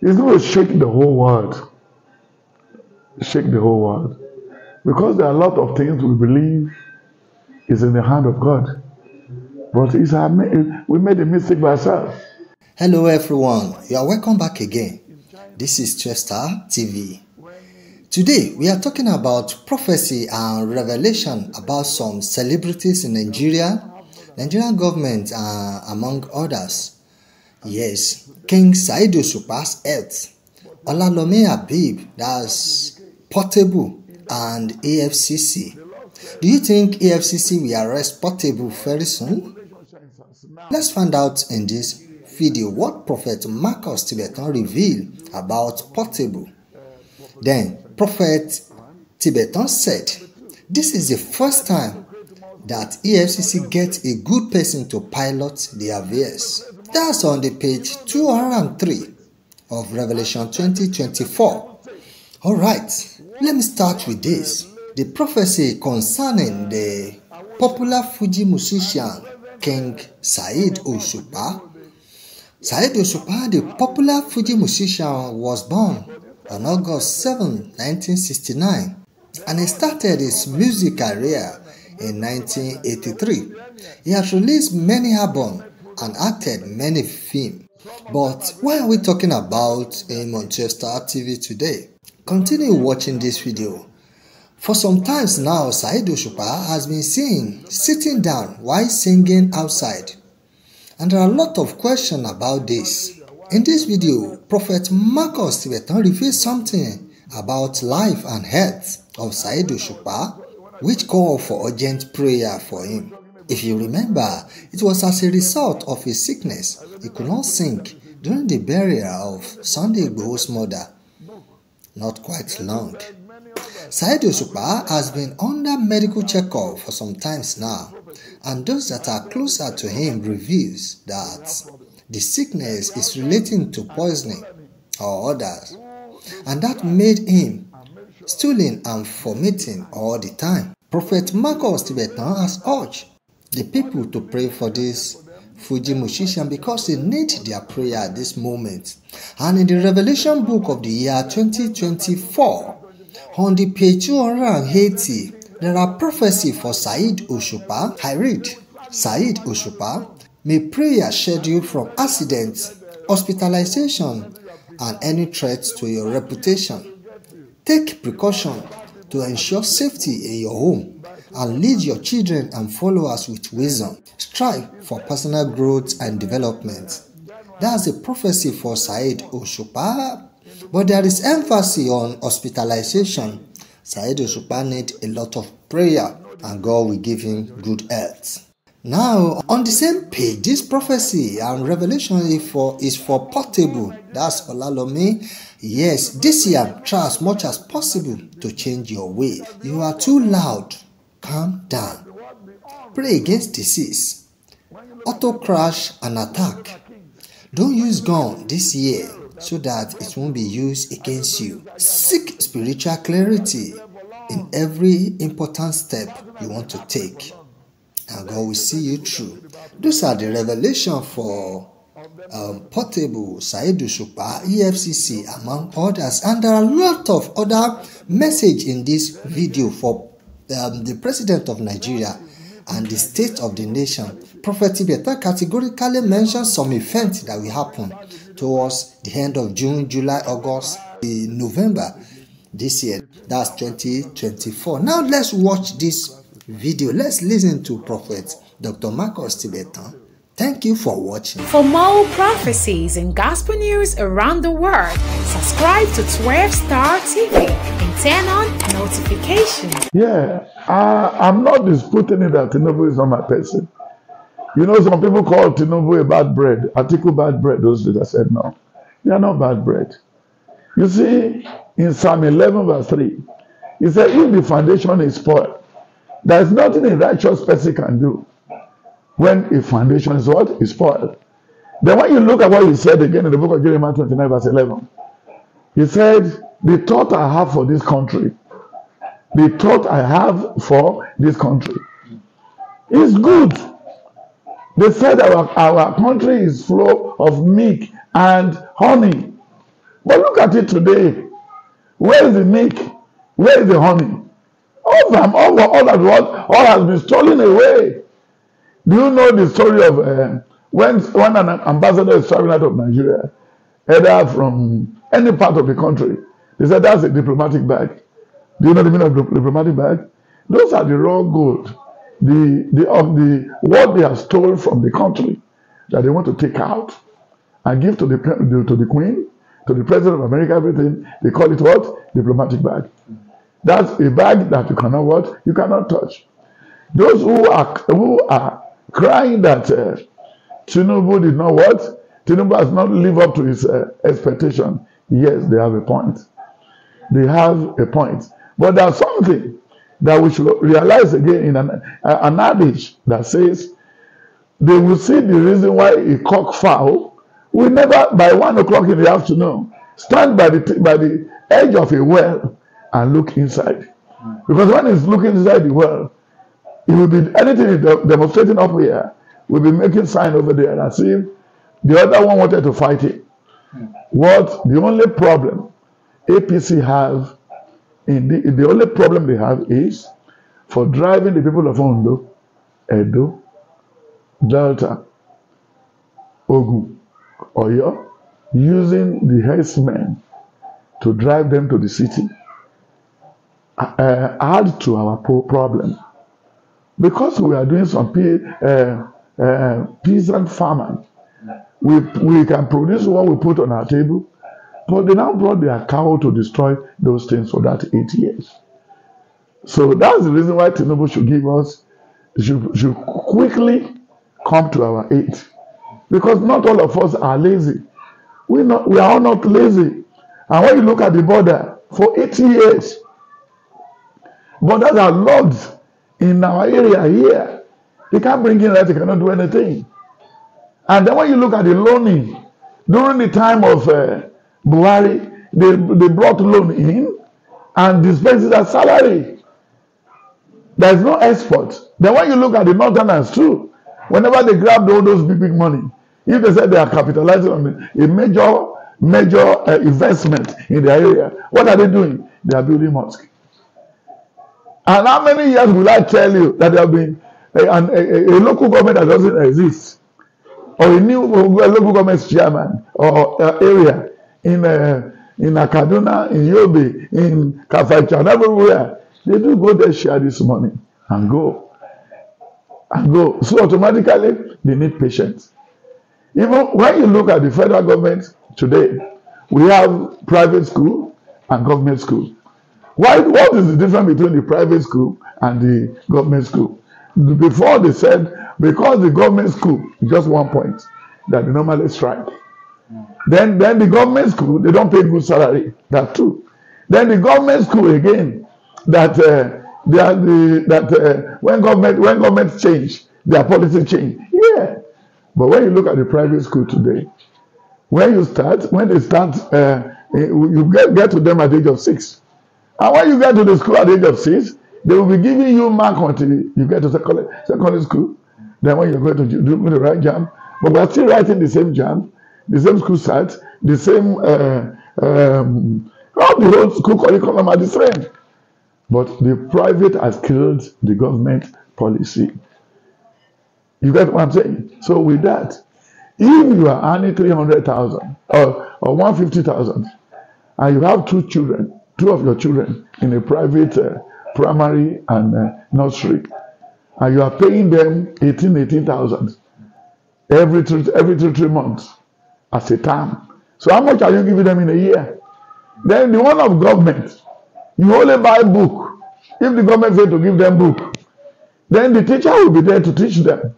It's going to shake the whole world. Shake the whole world. Because there are a lot of things we believe is in the hand of God. But it's our, we made a mistake by ourselves. Hello, everyone. You are welcome back again. This is Chester Star TV. Today, we are talking about prophecy and revelation about some celebrities in Nigeria, Nigerian government, uh, among others. Yes, King Saidu Osupa's health. Olalomi Habib, that's Portable and AFCC. Do you think AFCC will arrest Portable very soon? Let's find out in this video what Prophet Marcus Tibetan revealed about Portable. Then, Prophet Tibetan said, This is the first time that EFCC gets a good person to pilot the AVS. That's on the page 203 of Revelation 2024. 20, All right, let me start with this. The prophecy concerning the popular Fuji musician King Said Osupa. Said Osupa, the popular Fuji musician, was born on August 7, 1969, and he started his music career in 1983. He has released many albums and acted many films. But why are we talking about a Manchester activity today? Continue watching this video. For some times now, Saheed Osupa has been seen sitting down while singing outside. And there are a lot of questions about this. In this video, Prophet Marcus Tibetan reveals something about life and health of Saheed Osupa, which call for urgent prayer for him. If you remember, it was as a result of his sickness he could not sing during the burial of Sunday Igboho's mother. Not quite long. Saheed Osupa has been under medical checkup for some time now, and those that are closer to him reveals that the sickness is relating to poisoning or others, and that made him stooling and vomiting all the time. Prophet Marcus Tibetan has urged the people to pray for this Fuji musician because they need their prayer at this moment. And in the Revelation book of the year 2024, on the page 280, there are prophecy for Said Oshupa. I read, Said Oshupa, may prayer scheduled from accidents, hospitalization, and any threats to your reputation. Take precaution to ensure safety in your home and lead your children and followers with wisdom. Strive for personal growth and development. That's a prophecy for Said Oshupa. But there is emphasis on hospitalization. Said Oshupa needs a lot of prayer and God will give him good health. Now, on the same page, this prophecy and revelation is for, is for portable. That's Olalomi. Yes, this year, try as much as possible to change your way. You are too loud Calm down. Pray against disease. Auto crash and attack. Don't use gun this year so that it won't be used against you. Seek spiritual clarity in every important step you want to take. And God will see you through. Those are the revelation for um, Portable, Saidu shupa EFCC, among others. And there are a lot of other message in this video for um, the president of Nigeria and the state of the nation, Prophet Tibeta categorically mentioned some events that will happen towards the end of June, July, August, November this year. That's 2024. Now let's watch this video. Let's listen to Prophet Dr. Marcus Tibetan Thank you for watching. For more prophecies and gospel news around the world, subscribe to 12 Star TV and turn on notifications. Yeah, I, am not disputing it that Tinubu is not my person. You know, some people call Tinubu a bad bread. a bad bread, those that I said no. They are not bad bread. You see, in Psalm 11 verse 3, he said, if the foundation is spoiled, there is nothing a righteous person can do. when a foundation is what is spoiled. Then when you look at what he said again in the book of Jeremiah 29 verse 11, he said, the thought I have for this country, the thought I have for this country is good. They said our, our country is full of milk and honey. But look at it today. Where is the milk? Where is the honey? All, from, all, all that was, all has been stolen away. Do you know the story of uh, when, when an ambassador is traveling out of Nigeria, either from any part of the country, they said that's a diplomatic bag. Do you know the meaning of diplomatic bag? Those are the raw gold, the, the, of the what they have stolen from the country that they want to take out and give to the, to the Queen, to the President of America, everything. They call it what? Diplomatic bag. That's a bag that you cannot what? You cannot touch. Those who are, who are crying that uh, Tinubu did not what? Tinubu has not lived up to his uh, expectation. Yes, they have a point. They have a point. But there's something that we should realize again in an, uh, an adage that says they will see the reason why a cock fowl will never, by one o'clock in the afternoon, stand by the, by the edge of a well and look inside. Because when he's looking inside the well, It will be anything demonstrating up here will be making sign over there as see, the other one wanted to fight him. Hmm. What the only problem APC have in the, the only problem they have is for driving the people of Ondo, Edo, Delta, Ogu, Oyo, using the herdsmen to drive them to the city. Uh, uh add to our problem because we are doing some pea, uh, uh, eh, eh, peasant farming, we, we can produce what we put on our table. But they now brought their cow to destroy those things for that eight years. So that's the reason why Tinubu should give us, should, should quickly come to our aid. Because not all of us are lazy. We, not, we are all not lazy. And when you look at the border, for eight years, borders are logged in our area here. They can't bring in that, they cannot do anything. And then when you look at the loaning, during the time of uh, Buhari, they, they brought loan in and dispensed it as salary. There's no export. Then when you look at the Northerners too, whenever they grabbed all those big, big money, if they said they are capitalizing on a major, major uh, investment in their area, what are they doing? They are building mosque. And how many years will I tell you that there have been a, a, a, a local government that doesn't exist? Or a new a local government chairman or uh, area in uh, in Kaduna, in Yobe, in Kafacha, everywhere. They do go there share this money and go. And go. So automatically they need patience. Even when you look at the federal government today, we have private school and government school. Why, what is the difference between the private school and the government school? Before they said, because the government school, just one point, that they normally strike. Then, then the government school, they don't pay good salary. That too. Then the government school again, that uh, they are the, that uh, when government when government change, their policy change. Yeah, but when you look at the private school today, when you start, when they start, uh, you get get to them at the age of six. And when you get to the school at the age of six, they will be giving you mark until you get to secondary, secondary school. Then when you're going to do the right jam, but we're still writing the same jam, the same school site, the same uh, um, all the whole school curriculum are the same. But the private has killed the government policy. You get what I'm saying? So with that, if you are earning 300,000 or, or 150,000 and you have two children, two of your children in a private uh, primary and uh, nursery, and you are paying them 18, 18,000 every three, every three, three months as a term. So how much are you giving them in a year? Then the one of government, you only buy book. If the government fail to give them book, then the teacher will be there to teach them.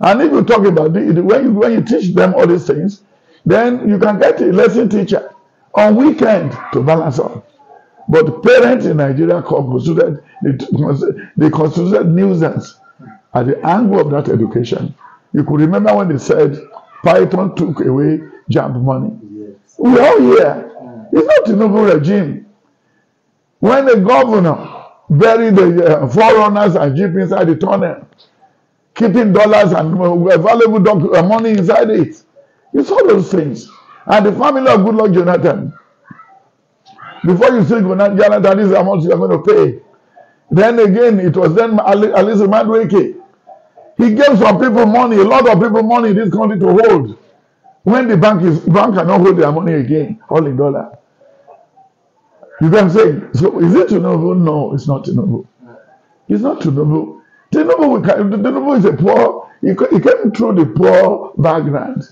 And if you talk about it, when you, when you teach them all these things, then you can get a lesson teacher on weekend to balance up. But parents in Nigeria constituted they constituted nuisance at the angle of that education. You could remember when they said Python took away jump money. We all hear. It's not a Tinubu regime. When the governor buried the uh, foreigners and jeep inside the tunnel, keeping dollars and uh, valuable uh, money inside it, It's all those things. And the family of Goodluck Jonathan Before you say, Jonathan, that is the amount you are going to pay. Then again, it was then Alice Madweke. He gave some people money, a lot of people money in this country to hold. When the bank is bank cannot hold their money again, all in dollar. You can say, so is it Tinubu? No, it's not Tinubu. It's not Tinubu. Tinubu, Tinubu is a poor, he came through the poor background.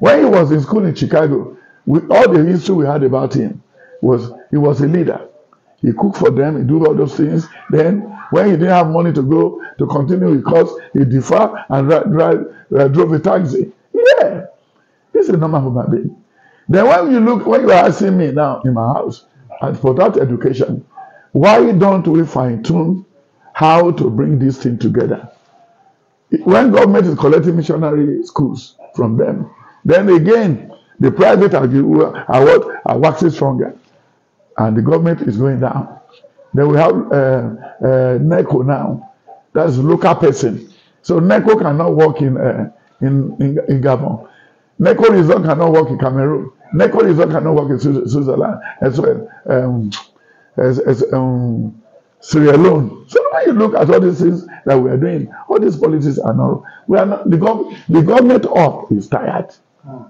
When he was in school in Chicago, with all the history we had about him, was he was a leader. He cooked for them, he did all those things. Then, when he didn't have money to go to continue his course, he deferred and uh, drove a taxi. Yeah, this is normal human being. Then, when you look, when you are asking me now in my house and for that education, why don't we fine tune how to bring this thing together? When government is collecting missionary schools from them, then again, the private are, are what are waxing stronger. and the government is going down. Then we have uh, uh, NECO now. That's local person. So NECO cannot work in, uh, in, in, in Gabon. NECO result cannot work in Cameroon. NECO result cannot work in Switzerland as well. Um, as, as, um, Sierra Leone. So when you look at all these things that we are doing, all these policies are not. We are not the, gov the government of is tired, hmm.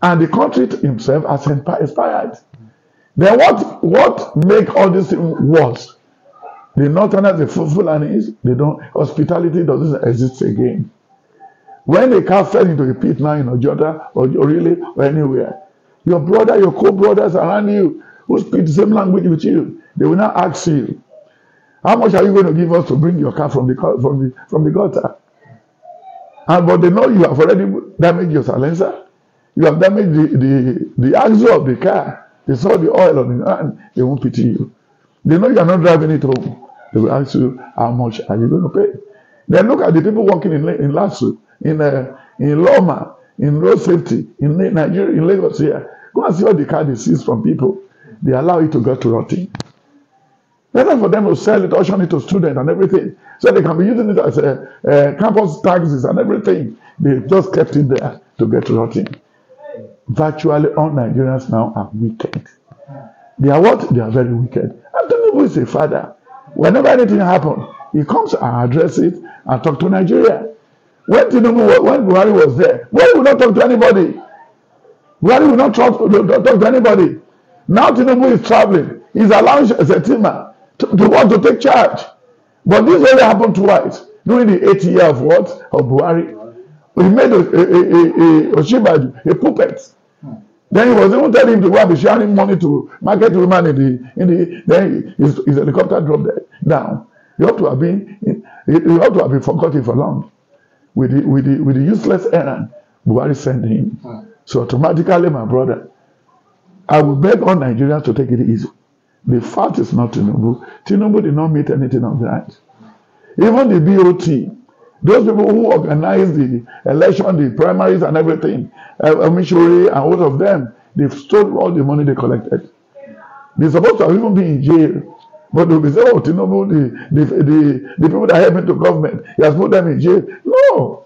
and the country itself has inspired. Then what what make all this worse? The northerners, the Fulanis, they don't hospitality doesn't exist again. When the car fell into the pit now in Ojota or really or anywhere, your brother, your co-brothers around you who speak the same language with you, they will now ask you, how much are you going to give us to bring your car from the from the from the gutter? And ah, but they know you have already damaged your silencer, you have damaged the the, the axle of the car. They saw the oil on you and they won't pity you. They know you are not driving it home. They will ask you, how much are you going to pay? Then look at the people working in, in Lasso, in, uh, in Loma, in road safety, in Nigeria, in Lagos here. Go and see what the car they from people. They allow it to go to rotting. Better for them to sell it, auction it to students and everything. So they can be using it as a, a uh, campus taxes and everything. They just kept it there to get rotting virtually all Nigerians now are wicked. They are what? They are very wicked. And Tinubu is a father. Whenever anything happens, he comes and addresses it and talk to Nigeria. When Tinubu, when Buhari was there, Buhari would not talk to anybody. Buhari would not talk, talk to anybody. Now Tinubu is traveling. He's allowing Zetima to, to want to take charge. But this only happened twice during the eight year of what? Of Buhari. He made a, a, a, a, a Oshibaju a puppet. Hmm. Then he was even telling him to go and be sharing money to market women in the in the then his, his helicopter dropped dead, down. You ought to have been you he ought to have been forgotten for long. With the with the with the useless errand Buhari sent him. Hmm. So automatically, my brother, I will beg all Nigerians to take it easy. The fact is not Tinubu. Tinubu did not meet anything of that. Even the BOT Those people who organized the election, the primaries, and everything, Omishore uh, uh, and all of them, they stole all the money they collected. They're supposed to have even been in jail. But they'll be saying, oh, Tinubu, the, the, the, the people that helped into government, he has put them in jail. No.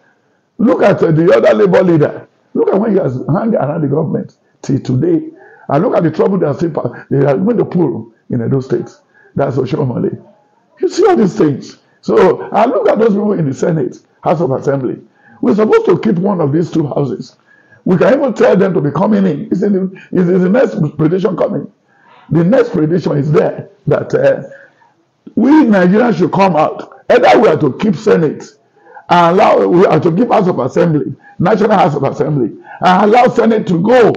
Look at uh, the other labor leader. Look at when he has hung around the government till today. And look at the trouble they are still, they have going to pull in those states. That's Oshomole. You see all these things. So I look at those people in the Senate, House of Assembly. We're supposed to keep one of these two houses. We can even tell them to be coming in. Is the, is the next prediction coming? The next prediction is there that uh, we Nigerians should come out. Either we are to keep Senate and allow, we are to keep House of Assembly, National House of Assembly, and allow Senate to go.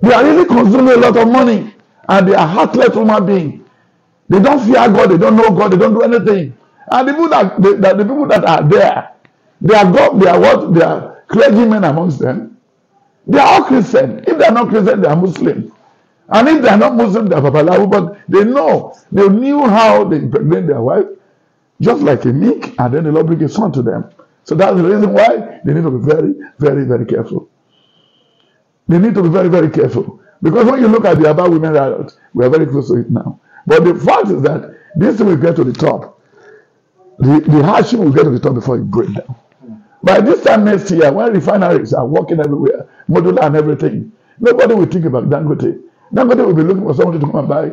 They are really consuming a lot of money and they are heartless human beings. They don't fear God, they don't know God, they don't do anything. And the people that, they, that the people that are there, they are God, they are what? They are clergymen amongst them. They are all Christian. If they are not Christian, they are Muslim. And if they are not Muslim, they are Babalawo, but they know, they knew how they impregnate their wife, just like a meek, and then the Lord brings a son to them. So that's the reason why they need to be very, very, very careful. They need to be very, very careful. Because when you look at the above women riot, we are very close to it now. But the fact is that this thing will get to the top. The, the hardship will get to the top before it breaks down. By this time next year, when refineries are working everywhere, modular and everything, nobody will think about Dangote. Dangote will be looking for somebody to come and buy.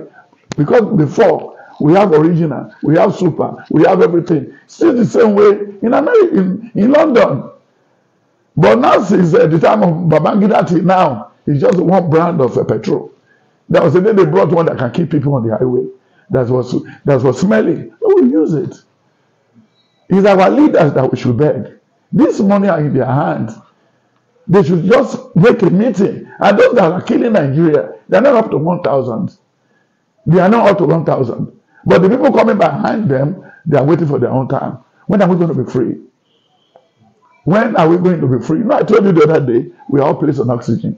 Because before, we have original, we have super, we have everything. Still the same way in America, in, in London. But now, since uh, the time of Babangida, now, it's just one brand of uh, petrol. That was the day they brought one that can keep people on the highway. That was that was smelly. We use it. It's our leaders that we should beg. This money are in their hands. They should just make a meeting. And those that are killing Nigeria, they are not up to 1,000. They are not up to 1,000. But the people coming behind them, they are waiting for their own time. When are we going to be free? When are we going to be free? You know, I told you the other day, we all placed on oxygen.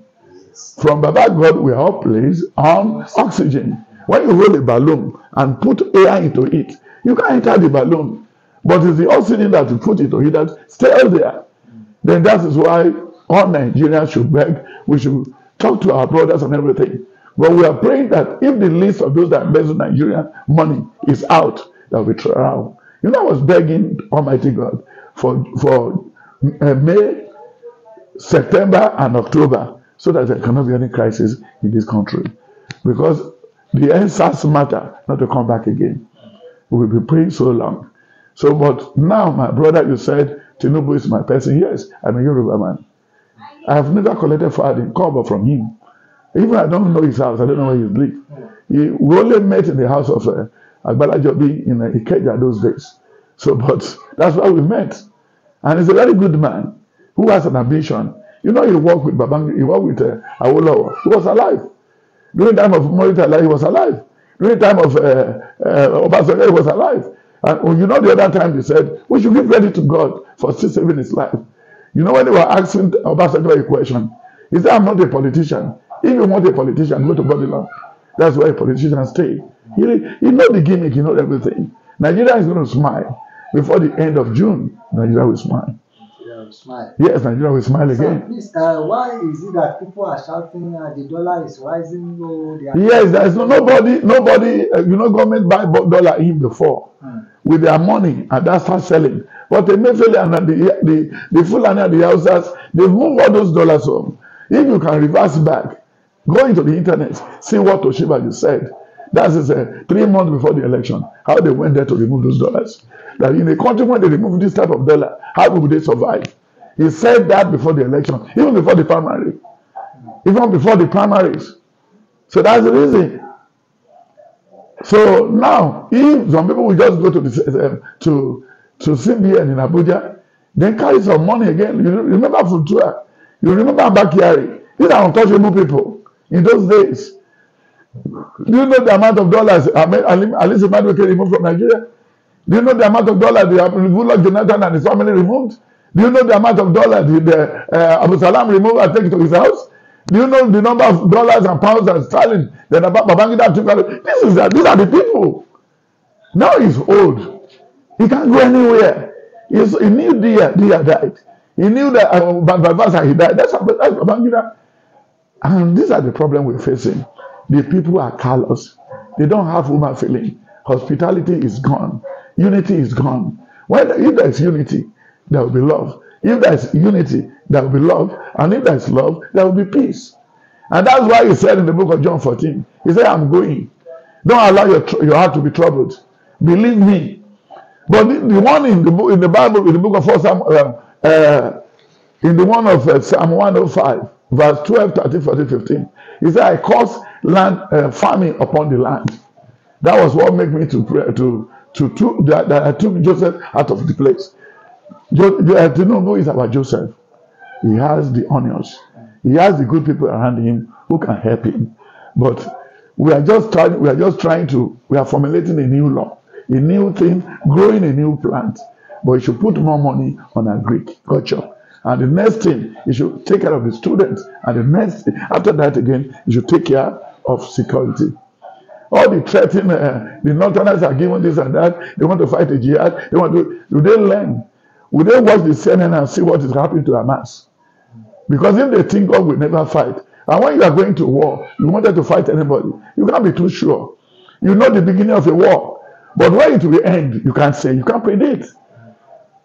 From Baba God, we are all placed on oxygen. When you roll a balloon and put air into it, you can enter the balloon. But it's the oxygen that you put into it that stays there. Then that is why all Nigerians should beg. We should talk to our brothers and everything. But we are praying that if the list of those that embezzle Nigerian money is out, that we try out. You know, I was begging Almighty God for for uh, May, September, and October so that there cannot be any crisis in this country. Because the answers matter, not to come back again. We'll be praying so long. So, but now, my brother, you said Tinubu is my person. Yes, I'm a Yoruba man. I have never collected for Adam cover from him. Even I don't know his house, I don't know where he lives. He, we only met in the house of uh, Agbala Jobi in uh, Ikeja those days. So, but that's why we met. And he's a very good man who has an ambition You know, he worked with Babang, he worked with uh, Awolowo. He was alive. During the time of Murtala, he was alive. During the time of uh, uh, Obasanjo, he was alive. And oh, you know, the other time he said, we should give credit to God for still saving his life. You know, when they were asking Obasanjo a question, he said, I'm not a politician. If you want a politician, go to Babylon. That's where politicians stay. He, he knows the gimmick, he know everything. Nigeria is going to smile. Before the end of June, Nigeria will smile smile. Yes, Nigeria will smile again. So please, uh, why is it that people are shouting uh, the dollar is rising? Oh, they are yes, there's no, nobody, nobody, uh, you know, government buy dollar in before hmm. with their money and that start selling. But immediately, and the, the, the full and the houses they move all those dollars home. If you can reverse back, go into the internet, see what Toshiba you said. That is uh, three months before the election, how they went there to remove those dollars. That in a country when they remove this type of dollar, how will they survive? He said that before the election, even before the primary, even before the primaries. So that's the reason. So now, if some people will just go to the, uh, to to CBN in Abuja, then carry some money again. You remember Futura, you remember Bakiari. These are untouchable people in those days. Do you know the amount of dollars Alice Madweke removed from Nigeria? Do you know the amount of dollars the Goodluck Jonathan and his family removed? Do you know the amount of dollars the, the uh, Abu Salam removed and taken to his house? Do you know the number of dollars and pounds and sterling that Babangida took out? This is, uh, these are the people. Now he's old. He can't go anywhere. He's, he knew Dia, Dia died. He knew that uh, Babasa, he died. That's, that's Babangida. And these are the problem we're facing. The people are callous. They don't have human feeling. Hospitality is gone. Unity is gone. When, if there's unity, there will be love. If there is unity, there will be love. And if there is love, there will be peace. And that's why he said in the book of John 14, he said, I'm going. Don't allow your, your heart to be troubled. Believe me. But the, the one in the, book, in the Bible, in the book of 1 Samuel, uh, uh, in the one of uh, Psalm 105, verse 12, 13, 14, 15, he said, I caused land uh, famine upon the land. That was what made me to pray to to, to that, that I took Joseph out of the place. You know who is about Joseph. He has the onions. He has the good people around him who can help him. But we are just trying. We are just trying to. We are formulating a new law, a new thing, growing a new plant. But you should put more money on agriculture. And the next thing, you should take care of the students. And the next, thing, after that again, you should take care of security. All the threatening, uh, the northerners are given this and that. They want to fight the jihad. They want to. Do they learn? Will they watch the CNN and see what is happening to Hamas? Because if they think God will never fight, and when you are going to war, you wanted to fight anybody, you can't be too sure. You know the beginning of a war, but when it will end, you can't say, you can't predict.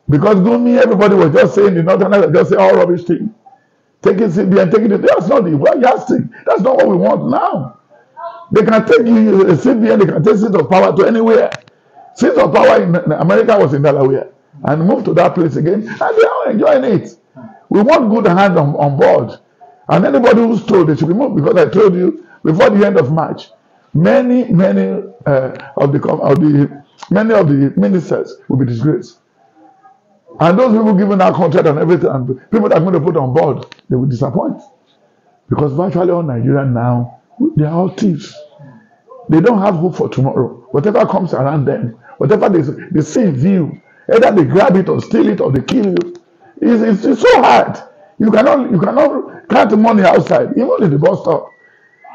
Because Gumi, everybody was just saying, the Northerners just say all rubbish thing. Take it, CBN, take it. That's not the well, yardstick. That's not what we want now. They can take you, CBN, they can take seat of power to anywhere. Seat of power in America was in Delaware and move to that place again, and they are enjoying it. We want good hands on, on board. And anybody who's told they should be moved, because I told you before the end of March, many, many uh, of the of the many of the ministers will be disgraced. And those people given our contract and everything, and people that are going to put on board, they will disappoint. Because virtually all Nigerians now, they are all thieves. They don't have hope for tomorrow. Whatever comes around them, whatever they, they see in view, Either they grab it or steal it or they kill you. It's, it's, it's so hard. You cannot you cannot count money outside, even in the bus stop.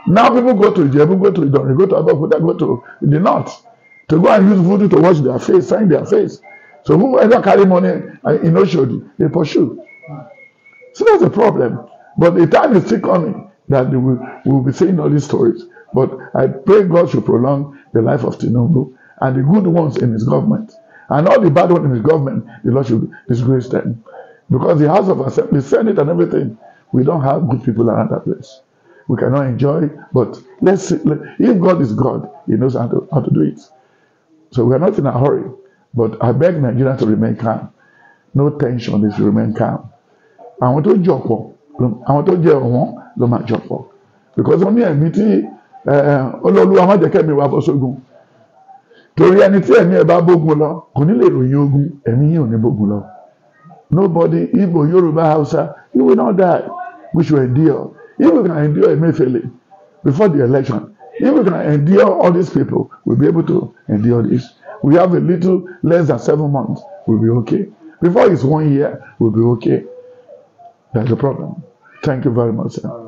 Now people go to Jebu, go to Idori, go to Abakuta, go to the north to go and use voodoo to wash their face, sign their face. So whoever carry money uh, in Oshodi, they pursue. So that's the problem. But the time is still coming that we will we'll be saying all these stories. But I pray God should prolong the life of Tinubu and the good ones in his government. And all the bad ones in the government, the Lord should disgrace them. Because the House of Assembly, the Senate, and everything, we don't have good people around that place. We cannot enjoy, but let's see. If God is God, He knows how to, how to do it. So we are not in a hurry. But I beg Nigeria to remain calm. No tension, they should remain calm. I Àwọn tó jọ pọ̀, àwọn tó jẹ joke. ló máa jọ pọ̀. Because wọ́n ní ẹ̀mí tí eh, olóòlù amájẹkẹ́mi wà bọ́ sógun torí ẹni tí ẹ̀mí ẹ̀ bá bógun lọ kò ní lè ròyìn ogun ẹ̀mí yìí ò ní bógun lọ nobody Igbo Yorùbá Hausa you will not die we should endure if we can endure Emefiele before the election if we can endure all these people we will be able to endure this we have a little less than seven months we will be okay before it's one year we will be okay that's the problem thank you very much sir.